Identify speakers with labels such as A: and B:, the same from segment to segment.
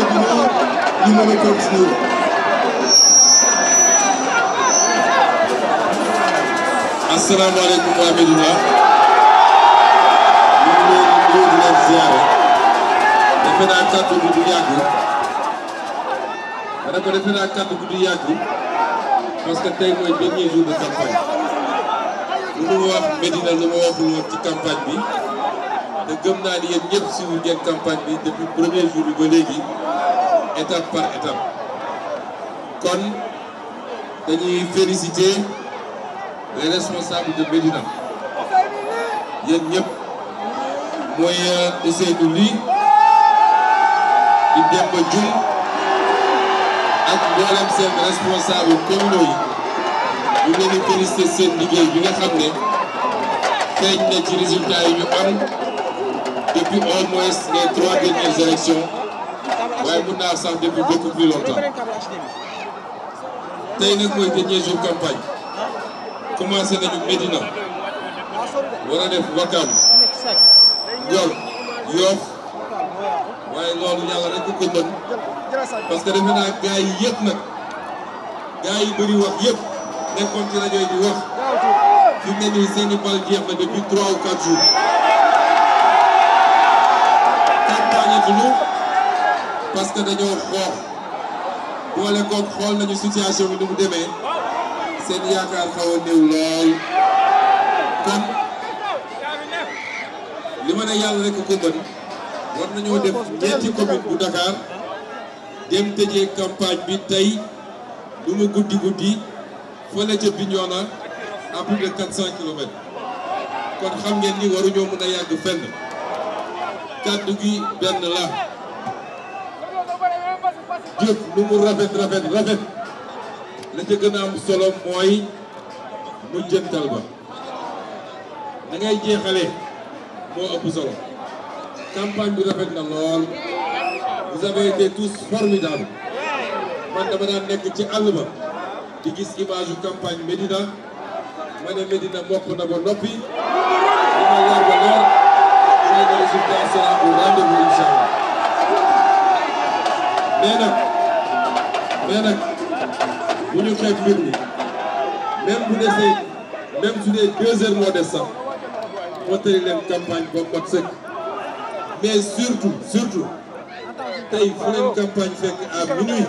A: dégg ñu mën a continuer. asalaamaaleykum waa Médina ñu ngi leen di nuyu di defe naa kàddu gi yàgg ma defe naa kàddu gi yàgg parce tey mooy dernier jour de campagne mu wax Médina lu ma waxul woon ci campagne bi. te gëm naa ni yéen ñëpp suivre ngeen campagne bi depuis premier jour bi ba léegi étape par étape kon dañuy féliciter les responsables de Médina yéen ñëpp mooy Ousseynou euh, Ly di Demba Dioum ak mboolem seen responsable communaux yi ñu leen di féliciter seen liggéey bi nga xam ne feeñ na ci résultat yi ñu am depuis au moins les trois dernières élections waaye mun naa sax depuis beaucoup plus longtemps tey nag mooy dernier jour campagne commencé nañu Médina war a def Wakam Ngor Yoff waaye loolu yàlla rek ku ko mën parce que naa gars yi yëpp nag gars yi bëri wax yëpp nekkoon ci rajo yi di wax fi mu ne nii seen i bal jeex na depuis trois ou quatre jours. campagne tuñu parce que dañoo xoox boole koog xool nañu situation bi ni mu demee seen yaakaar xaw a néew lool kon li ma ne yàlla rek ko war nañoo def ñeenti commune bu Dakar dem tëjee campagne bi tey lu mu guddi guddi fële ca Bignona à plus de 400 kon xam ngeen ni waruñoo mën a yàgg fenn. kàddu gi benn la jëf lu mu rafet rafet rafet la ca gën a am solo mooy mujjantal ba da ngay jeexale ëpp solo campagne bi rafet na lool vous avez été tous formidables man dama daan nekk ci àll ba di gis image campagne Médina ma ne Médina mokk na ba noppi dina leer ba leer année le résultat sera au nag mais nag bu ñu xeeb mbir mi même bu desee même su dee deux heures moo des sax mottali leen campagne ba mat sëkk mais surtout tey fu leen campagne fekk à minuit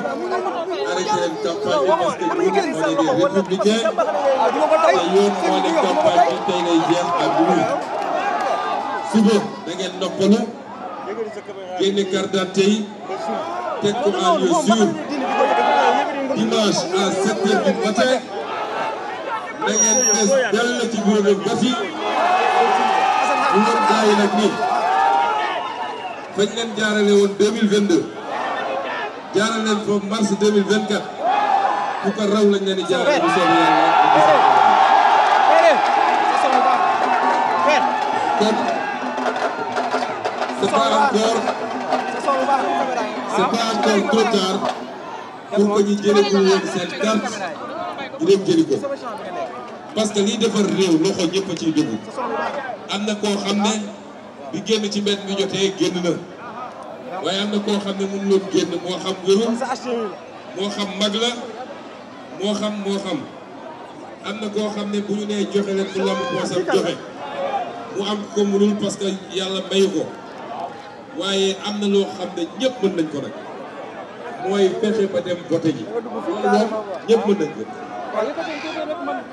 A: arrêté leen campagne bi parce que ñun on est des républicains te yoon moo ne campagne bi tey lay jeex à minuit suba. da ngeen noppalu génne carte d'identité yi teg ko en lieu sûr dimanche à sept heures du matin da ngeen des dell ci bureau de vote yi bu ngeen jaayee nag nii fañ leen jaarale woon 2022 jaarale leen foofu mars 2024 ku ko raw lañ leen di jaarale bu soobee yàlla kon c'est pas encore c'est pas ah, encore trop tard pour que ñu jëlee ko woon dem jëli ko parce que liy defar réew loxo ñëpp a ciy am na koo xam ne bi génn ci mbedd mi génn na waaye am na koo xam ne mënu loon génn moo xam wéru moo xam mag la moo xam moo xam am na koo xam ne bu ñu nee joxe leen mu lam poosam joxe mu am ko mënul parce que yàlla mayu ko waaye am na loo xam ne ñëpp mën nañ ko nag mooy fexe ba dem vote ji loolu moom ñëpp mën nañ ko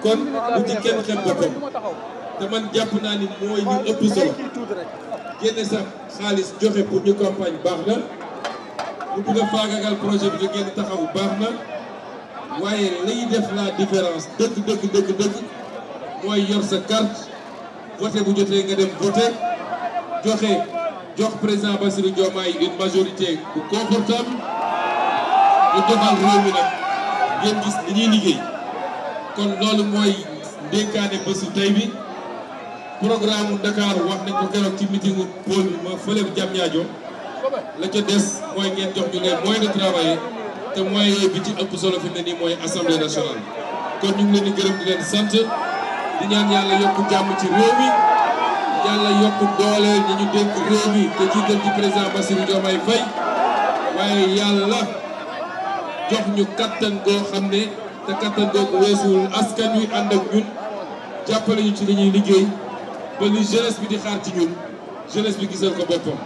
A: kon bu ci kenn xeeb ko te man jàpp naa ni mooy ñu ëpp solo génne sax xaalis joxe pour ñu campagne baax na bu bëgg a faagagal projet bi nga génn taxaw baax na waaye lay def la différence dëgg dëgg dëgg dëgg mooy yor sa carte vote bu jotee nga dem vote joxe jox président Bassirou Diomaye une majorité bu confortable ñu doxal réew mi nag gis li ñuy liggéey kon loolu mooy ndénkaane bésu tey bi programme Dakar wax nañ ko keroog ci meetingu pôle bi ma fële Diamniadio la ca des mooy ngeen jox ñu les moyens de travailler te moyens yooyu bi ci ëpp solo fi mu mooy assemblée nationale kon ñu leen di gërëm leen sant di yàlla yokk jàmm ci réew yàlla yokk doole ñi ñu dénk réew mi te jiital ci président Bassirou Diomaye Faye waaye yàlla jox ñu kattan goo xam ne te kattan googu weesuwul askan wi ànd ak ñun jàppale ñu ci li liggéey ba li jeunesse bi di xaar ci ñun jeunesse bi gisal ko boppam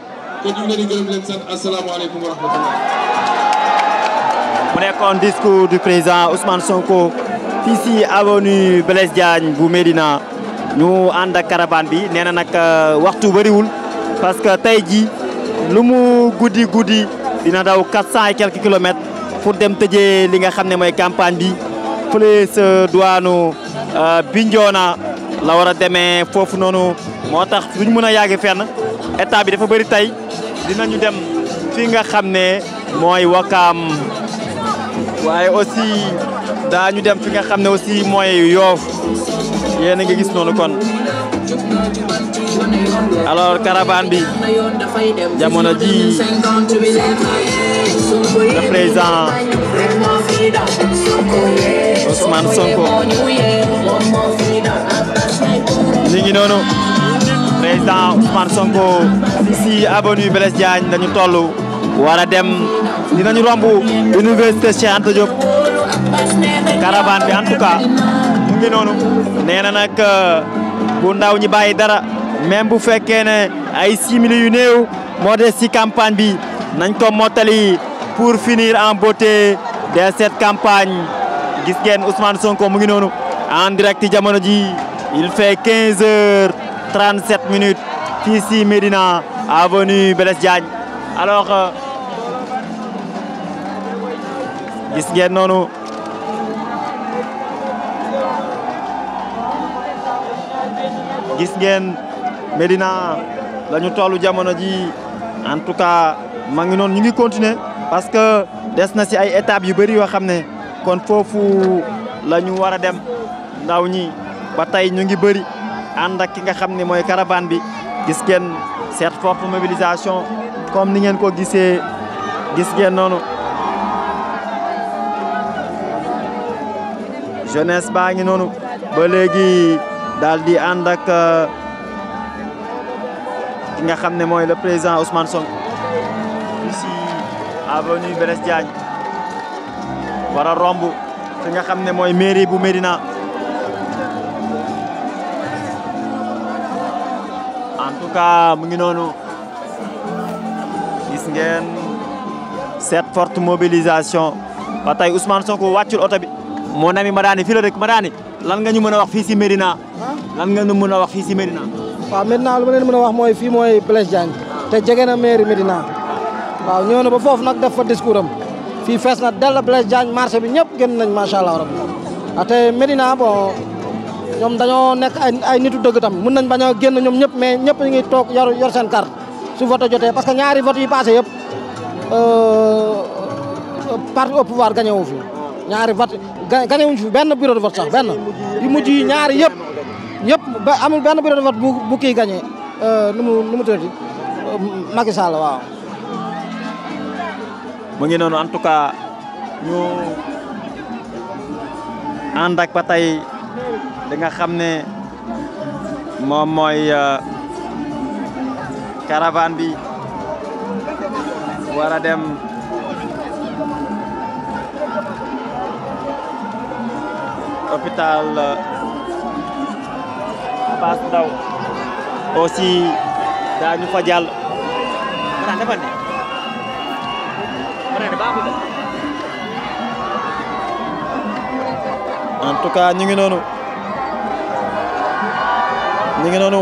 A: kon ñu ngi leen di gërëm leen sant asalaamaaleykum wa rahmatullah.
B: mu nekkoon discours du président Ousmane Sonko fii si avenue Blaise Diagne bu Médina. ñu ànd ak caravane bi nee na nag euh, waxtu bëriwul parce que tey ji lu mu guddi guddi dina daw quatre cent et quelques pour dem tëjee li nga xam ne mooy campagne bi fële sa duwaanu euh, Bignona la war a demee foofu noonu moo tax duñ mun a yàgg fenn état bi dafa bëri tey dinañu dem fi nga xam ne mooy Wakaam waaye aussi daañu dem fi nga xam ne aussi mooy Yoof yéen a ngi gis noonu kon alors caravane bi jamono ji le président Ousmane Sonko ñu ngi noonu président Ousmane Sonko ici avenue Blaise Diagne dañu toll war a dem dinañu romb université Cheikh Anta caravane bi en tout cas mu ngi noonu nee na nag euh, bu ndaw ñi bàyyi dara même bu fekkee ne ay simili yu néew moo des bi nañ ko mottali pour finir en beauté de cette campagne gis ngeen Ousmane Sonko mu ngi noonu en direct jamono ji il fait 15 heures 37 minutes fii ci Médina avenue Blaise Diagne alors euh, gis noonu gis ngeen Médina la ñu toll jamono ji en tout cas ma ngi noonu ñu ngi continuer parce que des na si ay étapes yu bëri yoo xam ne kon foofu la ñu war a dem ndaw ñi ba tey ñu ngi bëri ànd ak ki nga xam ne mooy caravane bi gis ngeen cette forte mobilisation comme ni ngeen ko gisee gis ngeen noonu jeunesse baa ngi noonu ba léegi daal di ànd ak euh, ki nga xam ne mooy la président Ousmane Sonko ici avenue Blaise Diagne war romb ki nga xam ne mooy mairie bu Médina en mu ngi noonu gis ngeen cette forte mobilisation ba tey Ousmane Sonko oto bi moo nami ma daani fi la rek ma lan nga ñu mën a wax fii si Médina. lan nga ñu mën a wax fii si Médina. waaw Médina lu ma leen mën a wax mooy fii mooy Blaise Diagne te jege na mairie Médina waaw ñëw na ba foofu nag def fa discours am fii fees na dell Blaise Diagne marché bi ñëpp génn nañ macha allah rabbi waaw ah, te Médina bon ñoom dañoo nekk ay ay nitu dëgg nañ bañ a génn ñoom ñëpp mais ñëpp ñu ngi toog yor yor seen carte su vote jotee parce que ñaari vote yi passé yëpp euh, parti au pouvoir fi. ñaari vote gagné wuñ benn bureau de vote sax benn yu mujj yi ñaari yëpp yëpp ba benn bureau de vote bu bu kii gagné euh, nu mu nu mu euh, mu ngi noonu en tout cas ñu ànd ak di nga xam ne moom mooy euh, bi war dem. hôpital Abass euh, Ndao aussi daañu fa jàll maanaam dafa ne en tout cas ñu ngi noonu ñu ngi noonu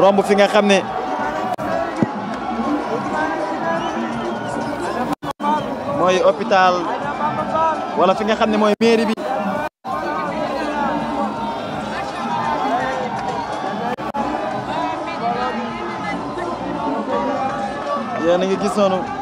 B: romb fi nga xam ne mooy hôpital wala fi nga xam ne mooy mairie yéen a ngi gis noonu